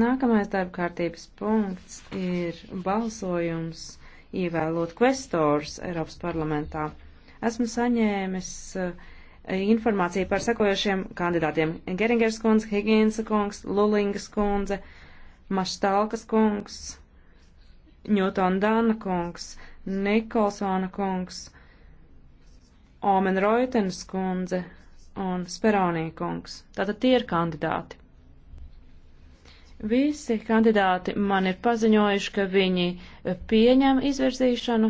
Nākamais darba kārtības punkts ir balsojums ievēlot kvestors Eiropas parlamentā. Esmu saņēmis eh, informāciju par sekojošiem kandidātiem - Geringers kundze, Higiensa kungs, Lulingas kundze, Maštalkas kungs, Ņūtona Dana kungs, Nikolsona kungs, Omen Roitenes kundze un Speronī kungs. Tātad tie ir kandidāti. Visi kandidāti man ir paziņojuši, ka viņi e, pieņem izvirzīšanu,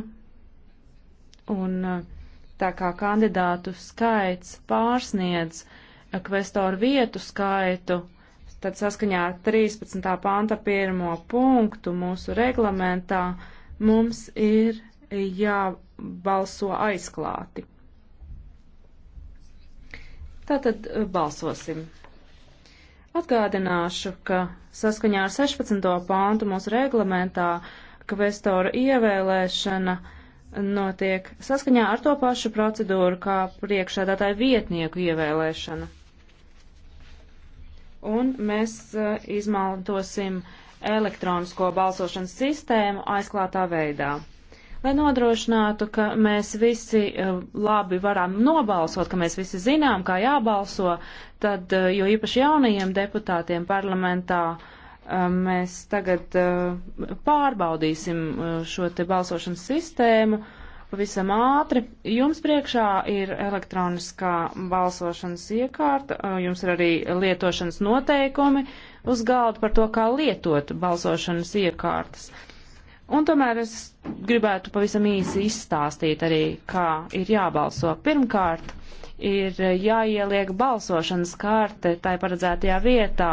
un e, tā kā kandidātu skaits pārsniedz kvestoru vietu skaitu, tad saskaņā ar 13. panta pirmo punktu mūsu reglamentā mums ir jābalso aizklāti. Tātad e, balsosim. Atgādināšu, ka saskaņā ar 16. pāntu mūsu reglamentā kvestoru ievēlēšana notiek saskaņā ar to pašu procedūru kā priekšādātāju vietnieku ievēlēšana. Un mēs eh, izmantosim elektronisko balsošanas sistēmu aizklātā veidā. Lai nodrošinātu, ka mēs visi eh, labi varam nobalsot, ka mēs visi zinām, kā jābalso, tad, eh, jo īpaši jaunajiem deputātiem parlamentā, eh, mēs tagad pārbaudīsim šo te balsošanas sistēmu pavisam ātri. Jums priekšā ir elektroniskā balsošanas iekārta, jums ir arī lietošanas noteikumi uz galda par to, kā lietot balsošanas iekārtas. Un tomēr es gribētu pavisam īsi izstāstīt arī, kā ir jābalso. Pirmkārt, ir jāieliek balsošanas kārte tai paredzētajā vietā,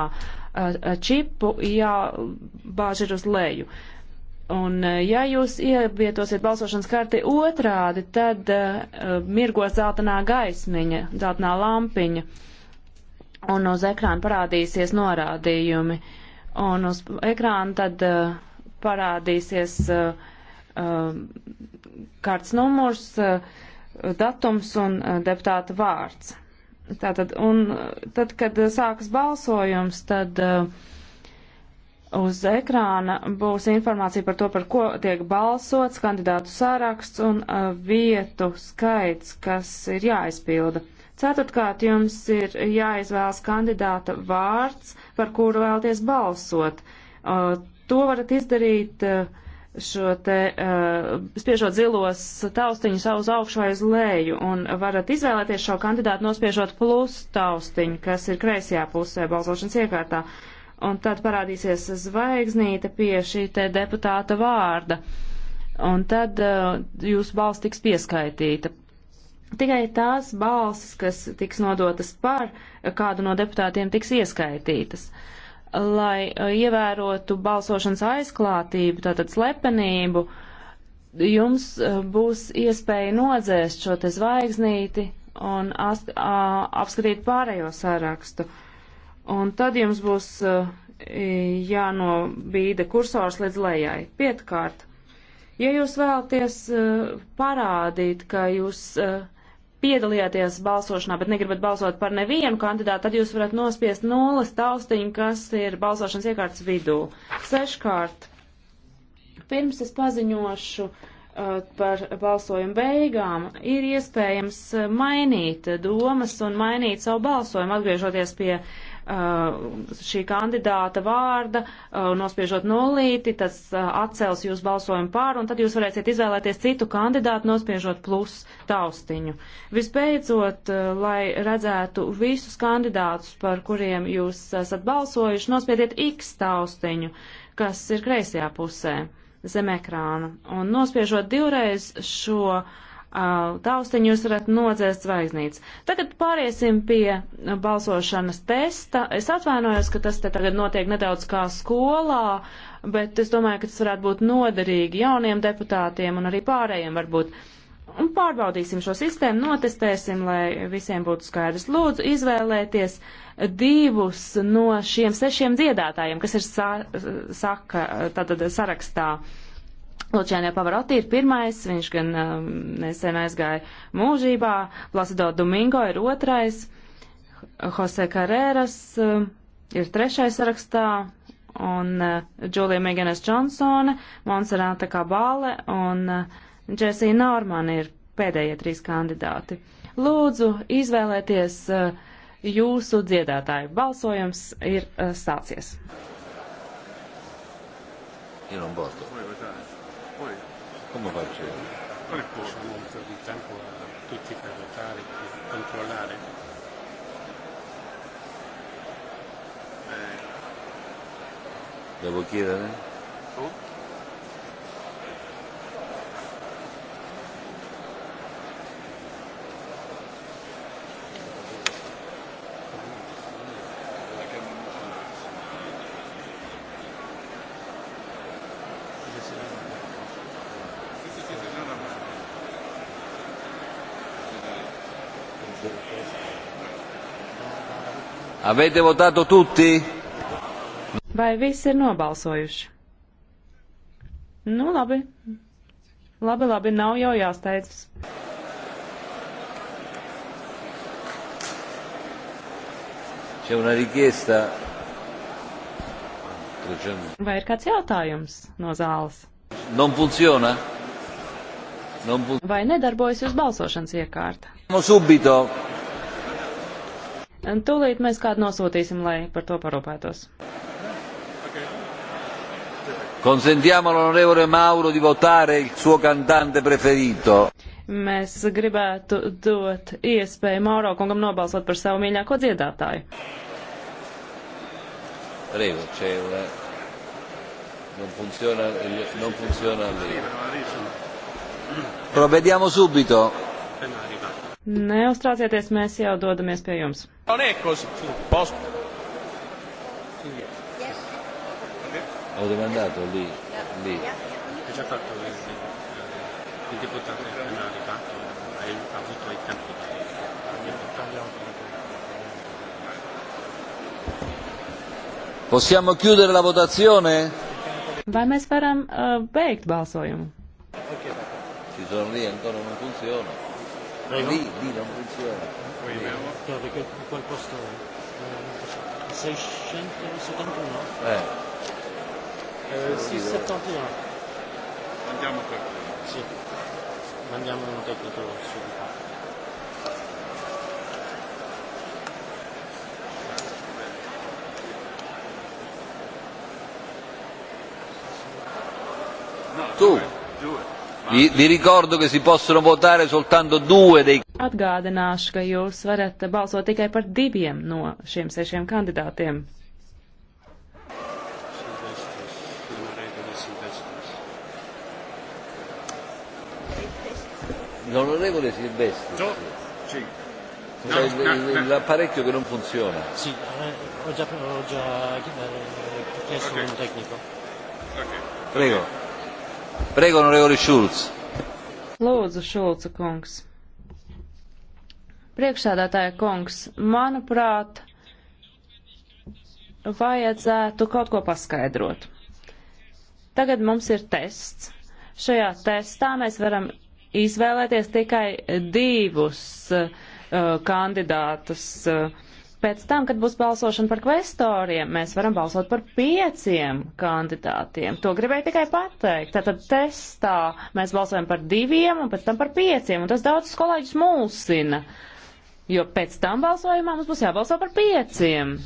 čipu jābāž ir uz leju. Un ja jūs ievietosiet balsošanas karti otrādi, tad uh, mirgos zeltainā gaismiņa, zeltainā lampiņa, un uz ekrāna parādīsies norādījumi. Un uz ekrāna tad uh, parādīsies uh, uh, um, kārts numurs, uh, datums un uh, deputāta vārds. Tātad, un uh, tad, kad uh, sāks balsojums, tad uh, uz ekrāna būs informācija par to, par ko tiek balsots, kandidātu sāraksts un uh, vietu skaits, kas ir jāizpilda. Ceturtkārt, jums ir jāizvēlas kandidāta vārds, par kuru vēlties balsot. Uh, Uh, to varat izdarīt uh, šo te, uh, spiežot zilos taustiņus uz augšu vai uz leju, un varat izvēlēties šo kandidātu nospiežot plus taustiņu, kas ir kreisajā pusē balsošanas iekārtā, un tad parādīsies zvaigznīte pie šī te deputāta vārda, un tad jūsu balss tiks pieskaitīta. Tikai tās balsis, kas tiks nodotas par kādu no deputātiem, tiks ieskaitītas. Uh, lai uh, ievērotu balsošanas aizklātību, tātad slepenību, jums uh, būs iespēja nodzēst šo te zvaigznīti un ast, a, uh, apskatīt pārējo sārakstu. Un tad jums būs jānobīda kursors līdz lejai. Pietkārt, ja jūs vēlaties parādīt, ka jūs a, piedalījāties balsošanā, bet negribat balsot par nevienu kandidātu, tad jūs varat nospiest nulles taustiņu, kas ir balsošanas iekārtas vidū. Seškārt, pirms es paziņošu uh, par balsojumu beigām, ir iespējams uh, mainīt uh, domas un mainīt savu balsojumu, atgriežoties pie uh, Uh, šī kandidāta vārda, uh, nospiežot nulīti, tas uh, atcels jūs balsojumu pār, un tad jūs varēsiet izvēlēties citu kandidātu, nospiežot plus taustiņu. Visbeidzot, lai redzētu visus kandidātus, par kuriem jūs esat balsojuši, nospiediet X taustiņu, kas ir kreisajā pusē zem ekrāna, un nospiežot divreiz šo uh, taustiņu jūs varat nodzēst zvaigznītes. Tagad pāriesim pie balsošanas testa. Es atvainojos, ka tas te tagad notiek nedaudz kā skolā, bet es domāju, ka tas varētu būt noderīgi jauniem deputātiem un arī pārējiem varbūt. Un pārbaudīsim šo sistēmu, notestēsim, lai visiem būtu skaidrs. Lūdzu, izvēlēties divus no šiem sešiem dziedātājiem, kas ir sa saka, tātad sarakstā. Uh, Lučēnē Pavarotī ir pirmais, viņš gan um, nesen aizgāja mūžībā, Plasido Domingo ir otrais, Jose Carreras um, ir trešais sarakstā, un uh, Julia Meganes Džonsone, Monserrata Kabale un uh, Džesija Normana ir pēdējie trīs kandidāti. Lūdzu, izvēlēties uh, jūsu dziedātāju. Balsojums ir uh, sācies. Ir un balsojums. Come faccio io? Non è poco molto di tempo a tutti per votare, per controllare. Eh. Devo chiedere? Oh? Avete votato tutti? Vai visi ir nobalsojuši? Nu, labi. Labi, labi, nav jau jāsteidzas. C'è una richiesta. Vai ir kāds jautājums no zāles? Non funziona? Non fun... Vai nedarbojas jūsu balsošanas iekārta? No subito. Un tūlīt mēs kādu nosūtīsim, lai par to parūpētos. Consentiamo all'onorevole Mauro di votare il suo cantante preferito. Mēs gribētu dot iespēju Mauro kungam nobalsot par savu mīļāko dziedātāju. Prego, c'è una... Eh, non funziona, non funziona lì. Provvediamo subito. Eh, Neuztraucieties, mēs jau dodamies pie jums. Ho domandato lì, lì. Che già fatto il, eh, eh, il deputato appena arrivato, ha avuto i tempi che Possiamo chiudere la votazione? Vai mēs varam uh, beigt balsojumu? Ci sono lì ancora non funziona. Prego? Lì, lì non funziona. Poi lì. Perché quel posto è 671? Eh. eh 671. Mandiamo qualcuno. Sì. Mandiamo un tecnico su di qua. Vi, vi ricordo che si possono votare soltanto due dei. Atgādināšu, ka jūs varat balsot tikai par diviem no šiem sešiem kandidātiem. L'onorevole Silvestri. No, sì. No, cioè, no, l'apparecchio no. che non funziona. Sì, eh, ho già, ho già eh, chiesto okay. un tecnico. Okay. Prego. Prego, onorevoli Šulc. Lūdzu, Šulca kungs. Priekšsēdētāja kungs, manuprāt, vajadzētu kaut ko paskaidrot. Tagad mums ir tests. Šajā testā mēs varam izvēlēties tikai divus uh, kandidātus. Uh, pēc tam, kad būs balsošana par kvestoriem, mēs varam balsot par pieciem kandidātiem. To gribēju tikai pateikt. Tātad testā mēs balsojam par diviem un pēc tam par pieciem, un tas daudzus kolēģus mulsina, jo pēc tam balsojumā mums būs jābalso par pieciem.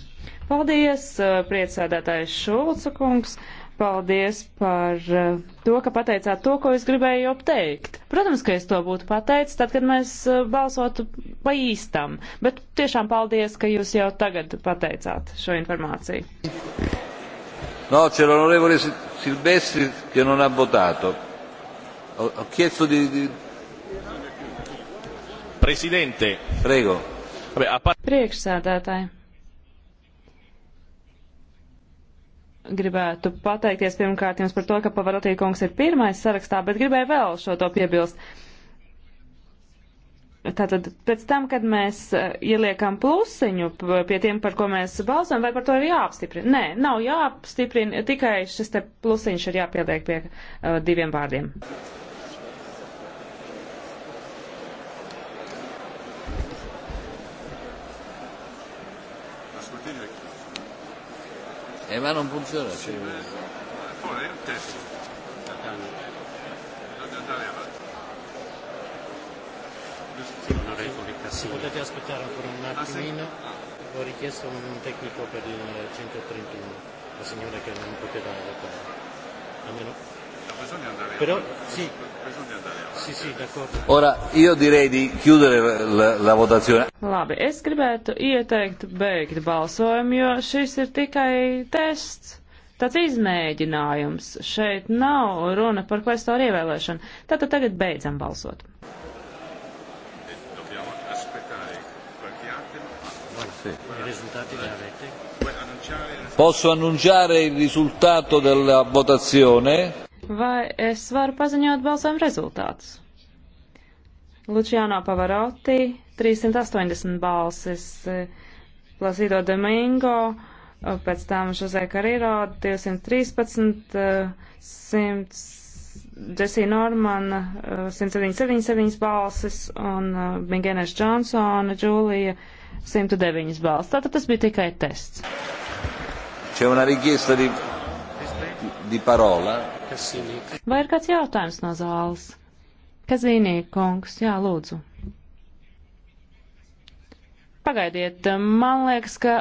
Paldies, eh, priecēdētājs Šulca kungs. Paldies par eh, to, ka pateicāt to, ko es gribēju jau teikt. Protams, ka es to būtu pateicis, tad, kad mēs eh, balsotu pa īstam, bet tiešām paldies, ka jūs jau tagad pateicāt šo informāciju. No, c'è l'onorevole Silvestri che non ha votato. Ho, ho chiesto di, di... Presidente. Prego. Priekšsēdētāji. gribētu pateikties pirmkārt jums par to, ka Pavarotī kungs ir pirmais sarakstā, bet gribēju vēl šo to piebilst. Tātad pēc tam, kad mēs e, ieliekam plusiņu pie tiem, par ko mēs balsojam, vai par to ir jāapstiprina? Nē, nav jāapstiprina, tikai šis te plusiņš ir jāpieliek pie uh, diviem vārdiem. Eh ma non funziona. Sì, cioè... Fuori il test. Bisogna andare avanti. Onorevoli Cassini. Potete aspettare ancora un ah, attimino. Ah, sì? Ho richiesto un tecnico per il 131, la signora che non poteva votare. A meno bisogna andare Però, sì. bisogna andare avanti. Sì, sì, d'accordo. Ora io direi di chiudere la, la votazione. Labi, es gribētu ieteikt beigt balsojumu, jo šis ir tikai tests. Tāds izmēģinājums. Šeit nav runa par kvestoru ievēlēšanu. Tātad tagad beidzam balsot. Posso annunciare il risultato della votazione? Vai es varu paziņot balsojumu rezultātus? Lučiānā Pavaroti 380 balsis, Plasido Domingo, pēc tam Žozē Kariro 213, 100, Džesija Normana 177 balsis un Bingenēš Džonsona, Džūlija 109 balsis. Tātad tas bija tikai tests. C'è una richiesta di, di parola. Vai ir kāds jautājums no zāles? Kazīnī kungs, jā, lūdzu. Pagaidiet, man liekas, ka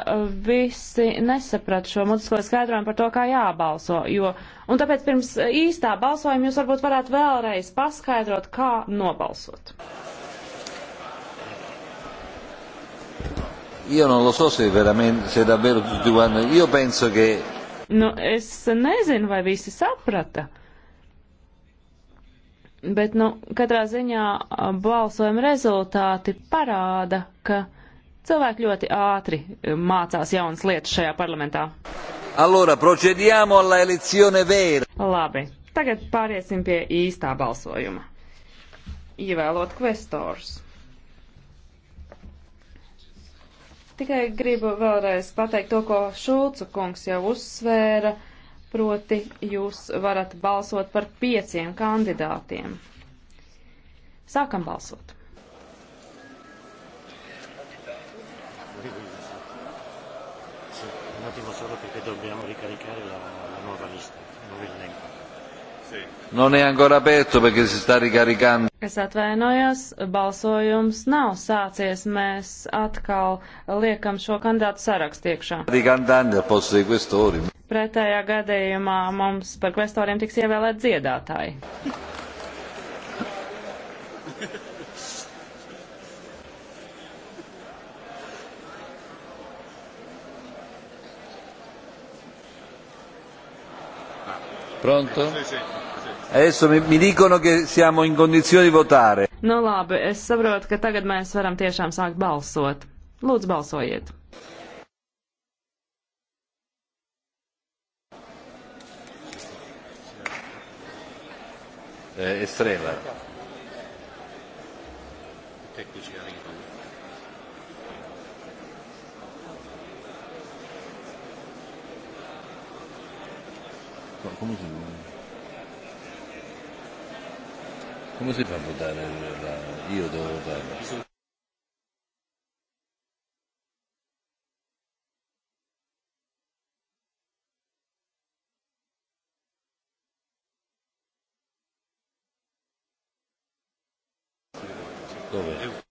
visi nesaprat šo mutisko skaidrojumu par to, kā jābalso, jo, un tāpēc pirms īstā balsojuma jūs varbūt varētu vēlreiz paskaidrot, kā nobalsot. Io non lo so se veramente, se davvero tutti quanti, io penso che Nu, es nezinu, vai visi saprata. Bet, nu, katrā ziņā balsojuma rezultāti parāda, ka cilvēki ļoti ātri mācās jaunas lietas šajā parlamentā. Allora, procediamo alla elezione vera. Labi, tagad pāriesim pie īstā balsojuma. Ievēlot kvestors. Tikai gribu vēlreiz pateikt to, ko Šulcu kungs jau uzsvēra, proti jūs varat balsot par pieciem kandidātiem. Sākam balsot. Un attimo solo perché dobbiamo ricaricare la Non è ancora aperto perché si sta ricaricando. Es atvainojos, balsojums nav sācies. Mēs atkal liekam šo kandidātu sarakstu iekšā. Pretējā gadījumā mums par kvestoriem tiks ievēlēt dziedātāji. Pronto? Adesso mi, mi dicono che siamo in condizione di votare. Nu labi, es saprotu, ka tagad mēs varam tiešām sākt balsot. Lūdzu, balsojiet! Eh, Estrela. come si, come si fa a votare? La, io devo votare. Dove?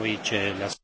which uh, last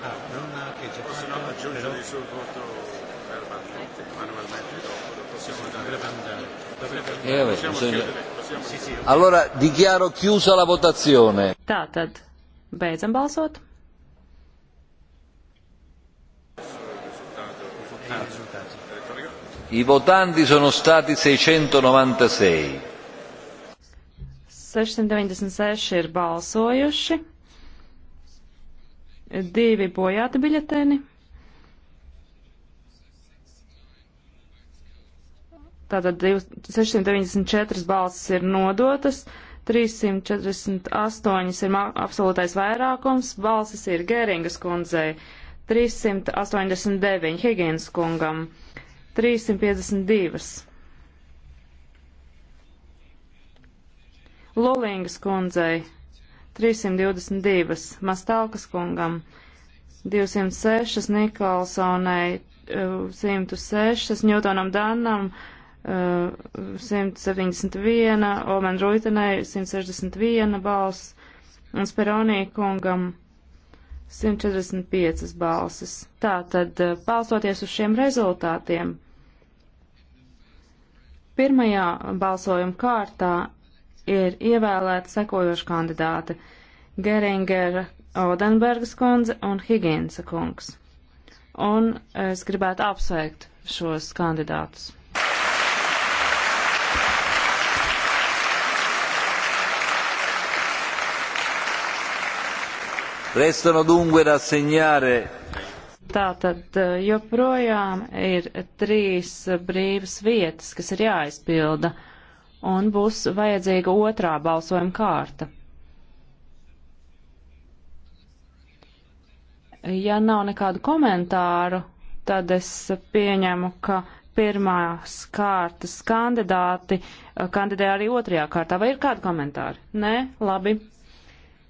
Ah, non ha che già Possono fatto, aggiungere però... il suo voto verbalmente, manualmente dopo, lo possiamo andare. Dovrebbe andare. Dovrebbe andare. Eh, vabbè, possiamo bisogna... chiudere. Possiamo sì, sì. Allora dichiaro chiusa la votazione. Tātad, beidzam balsot. I votanti sono stati 696. 696 ir balsojuši, divi bojāti biļeteni. Tātad 694 balsis ir nodotas, 348 ir absolūtais vairākums, balsis ir Gēringas kundzei, 389 Higienas kungam, 352. Lulingas kundzei 322, Mastalkas kungam 206, Nikolsonai 106, Ņūtonam Dannam 171, eh, Omen Ruitenai 161 balss un Speronī kungam 145 balsis. Tātad, eh, balstoties uz šiem rezultātiem, pirmajā balsojuma kārtā ir ievēlēti sekojoši kandidāti - Geringera Odenbergas kundze un Higiensa kungs. Un es gribētu apsveikt šos kandidātus. Restano dunque da segnare Tātad eh, joprojām ir trīs brīvas vietas, kas ir jāizpilda un būs vajadzīga otrā balsojuma kārta. Ja nav nekādu komentāru, tad es pieņemu, ka pirmās kārtas kandidāti kandidē arī otrajā kārtā. Vai ir kādi komentāri? Nē, labi.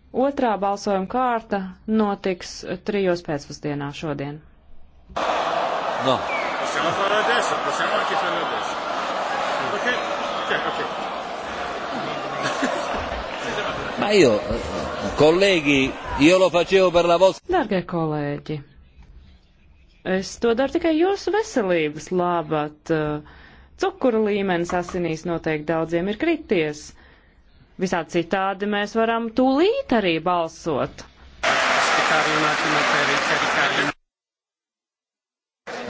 Otrā balsojuma kārta notiks trijos pēcpusdienā šodien. No. Possiamo fare adesso, possiamo Ma io, colleghi, io lo facevo per la vostra. Dargie kolēģi, es to daru tikai jūsu veselības labad. Cukura līmenis asinīs noteikti daudziem ir krities. Visā citādi mēs varam tūlīt arī balsot.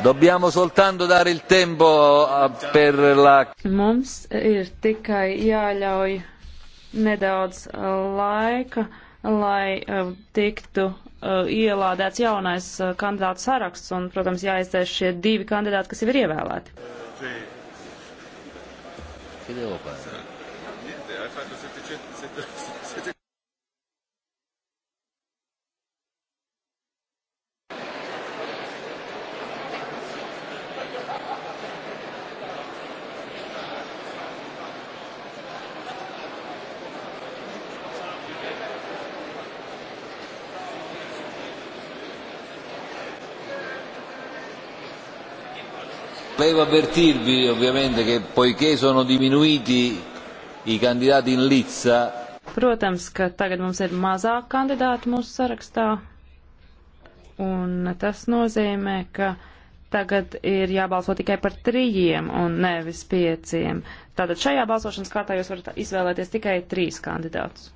Dobbiamo soltanto dare il tempo eh, per la. Mums ir tikai jāļauj nedaudz uh, laika, lai uh, tiktu uh, ielādēts jaunais kandidātu saraksts un, protams, jāizdzēš šie divi kandidāti, kas jau ir ievēlēti. Fidelopai. Volevo avvertirvi ovviamente che poiché sono diminuiti i candidati in lizza. Protams, ka tagad mums ir mazāk kandidātu mūsu sarakstā, un tas nozīmē, ka tagad ir jābalso tikai par trījiem un nevis pieciem. Tātad šajā balsošanas kārtā jūs varat izvēlēties tikai trīs kandidātus.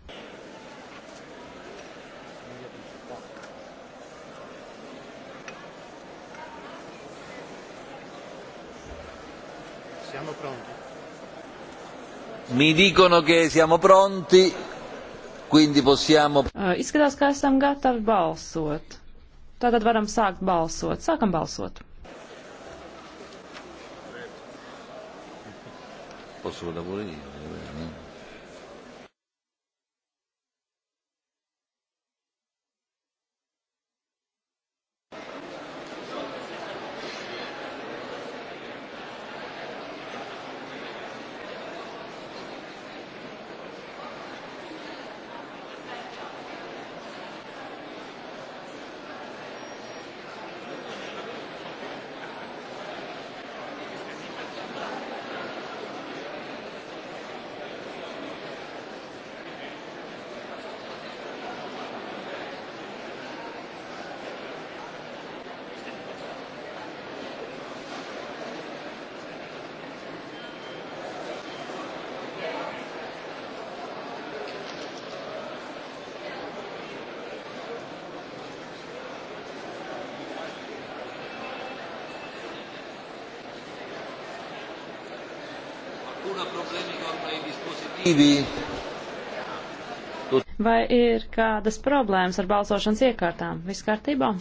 Mi dicono che siamo pronti, quindi possiamo. Eh, izskatās, ka esam gatavi balsot. Tātad varam sākt balsot. Sākam balsot. Posso da pure io, eh, eh, qualcuno ha problemi con i dispositivi? Vai ir kādas problēmas ar balsošanas iekārtām? Viss kārtībā?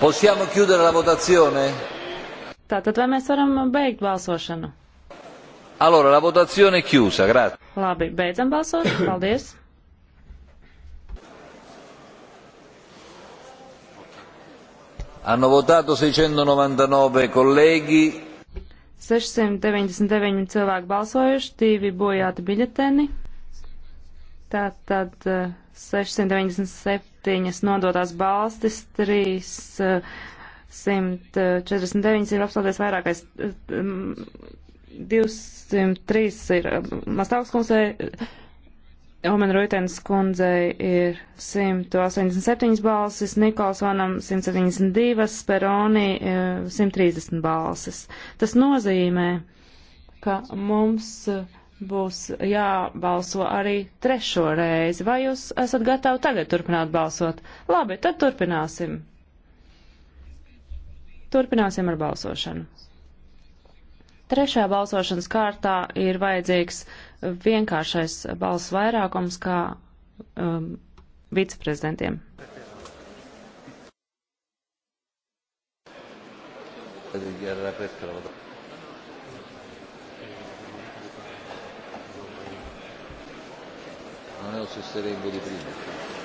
Possiamo chiudere la votazione? Tātad vai mēs varam beigt balsošanu? Allora, la votazione è chiusa, grazie. Labi, beidzam balsot. Paldies. Hanno votato 699 kolēģi. 699 cilvēki balsojuši, divi bojāti biļeteni. Tātad 697 eh, nodotās balstis, 349 eh, ir apstāties vairākais, 203 eh, ir Mastāvskundzei. Omen Roitens kundzei ir 187 balsis, Nikolsonam 172, Speroni 130 eh, balsis. Tas nozīmē, ka mums eh, būs jābalso arī trešo reizi. Vai jūs esat gatavi tagad turpināt balsot? Labi, tad turpināsim. Turpināsim ar balsošanu. Trešajā balsošanas kārtā ir vajadzīgs vienkāršais balss vairākums kā um, viceprezidentiem. Non è lo stesso elenco di prima.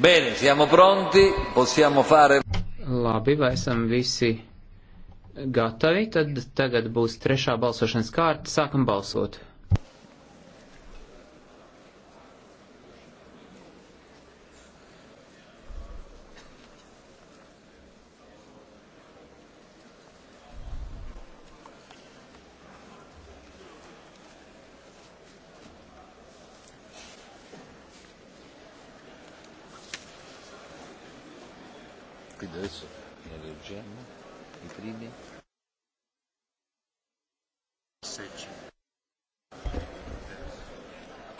Bene, siamo pronti, possiamo fare. Labi, vai esam visi gatavi, tad tagad būs trešā balsošanas kārta, sākam balsot.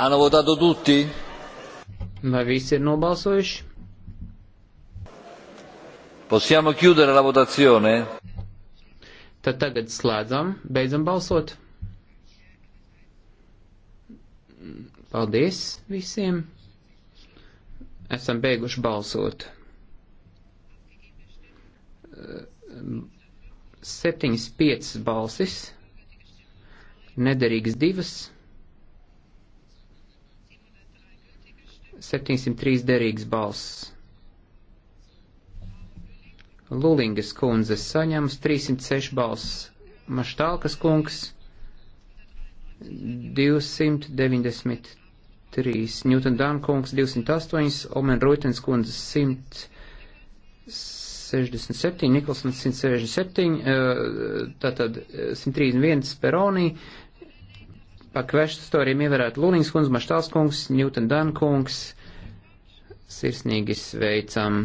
Hanno votato tutti? Vai visi ir nobalsojuši? Possiamo chiudere la votazione? Tad tagad slēdzam, beidzam balsot. Paldies visiem. Esam beiguši balsot. Septiņas piecas balsis, nederīgas divas. 703 derīgs balss. Lulingas kundze saņems 306 balss. Maštālkas kungs 293. Newton Dan kungs 208. Omen Roitens kundze 167. Nikolsons 167. Tātad 131 Peronī pa kvestoriem ievērētu Lūnīgs kundz, Maštāls kungs, Ņūten Dan kungs. Sirsnīgi sveicam.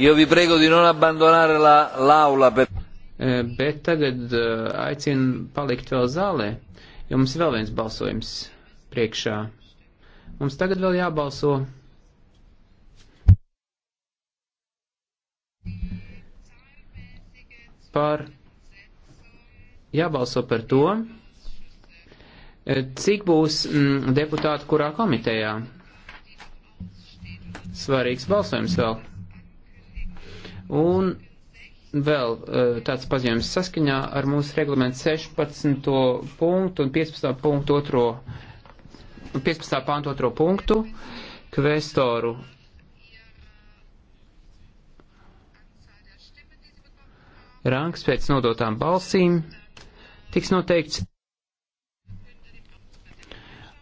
Io vi prego di non abbandonare l'aula la, per... Eh, bet tagad eh, aicinu palikt vēl zālē, jo mums vēl viens balsojums priekšā. Mums tagad vēl jābalso. Par, jābalso par to, e, cik būs mm, deputāti kurā komitejā. Svarīgs balsojums vēl. Un vēl e, tāds paziņojums saskaņā ar mūsu reglamentu 16. punktu un 15. punktu 2 15. pānta otro punktu, kvestoru. Rangs pēc nodotām balsīm tiks noteikts,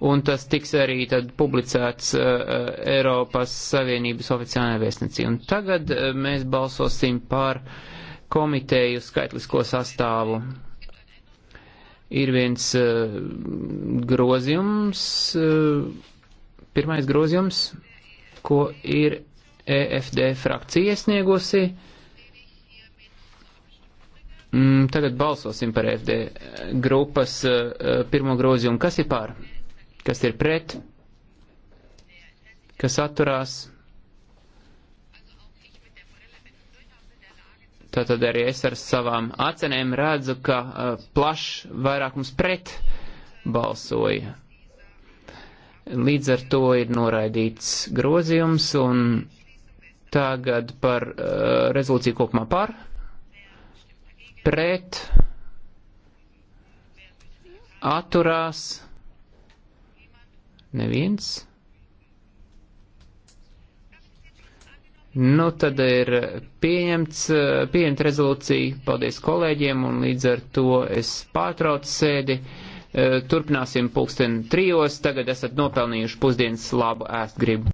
un tas tiks arī tad publicēts uh, uh Eiropas Savienības oficiālajā vēstnicī. Un tagad uh, mēs balsosim par komiteju skaitlisko sastāvu ir viens uh, grozījums, uh, pirmais grozījums, ko ir EFD frakcija iesniegusi. Mm, tagad balsosim par EFD grupas uh, pirmo grozījumu. Kas ir pār? Kas ir pret? Kas atturās? Tātad arī es ar savām acenēm redzu, ka uh, plašs vairākums pret balsoja. Līdz ar to ir noraidīts grozījums un tagad par uh, rezolūciju kopumā par, pret, atturās, neviens. Nu, tad ir pieņemts, pieņemta rezolūcija. Paldies kolēģiem, un līdz ar to es pārtraucu sēdi. Eh, turpināsim pulksten trijos. Tagad esat nopelnījuši pusdienas labu ēst gribu.